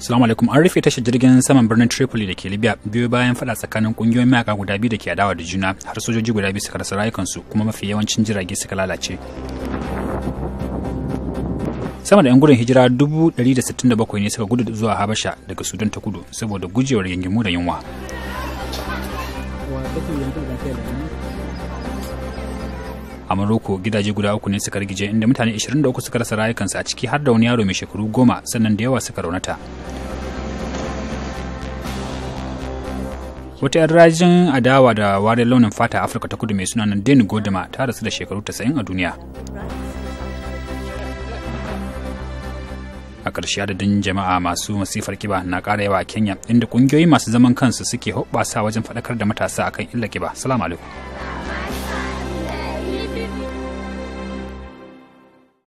Salamu alaikum an rufe tashar jirgin saman birnin Tripoli da ke Libya biyo bayan fada tsakanin kungiyoyin mayaka guda biyu da ke adawa da juna har sojoji guda biyu suka rasa rayukansu kuma mafi yawancin jirage suka lalace. Sama da 'yan gudun hijira 167 ne suka gudu zuwa Habasha daga Sudan ta kudu saboda gujewar yangimu da yunwa. a maroko gidaje guda uku ne suka rigije inda mutane 23 suka rasa rayukansu a ciki har da wani yaro mai shekaru goma sannan da yawa suka raunata wata yar rajin adawa da wariyar launin fata afirka ta kudu mai suna Deni Godama ta rasu da shekaru 90 a duniya a ƙarshe adadin jama'a masu masifar kiba na ƙara yawa a kenya inda ƙungiyoyi masu zaman kansu suke hoɓɓasa wajen faɗakar da matasa akan illa kiba salamu alaikum it.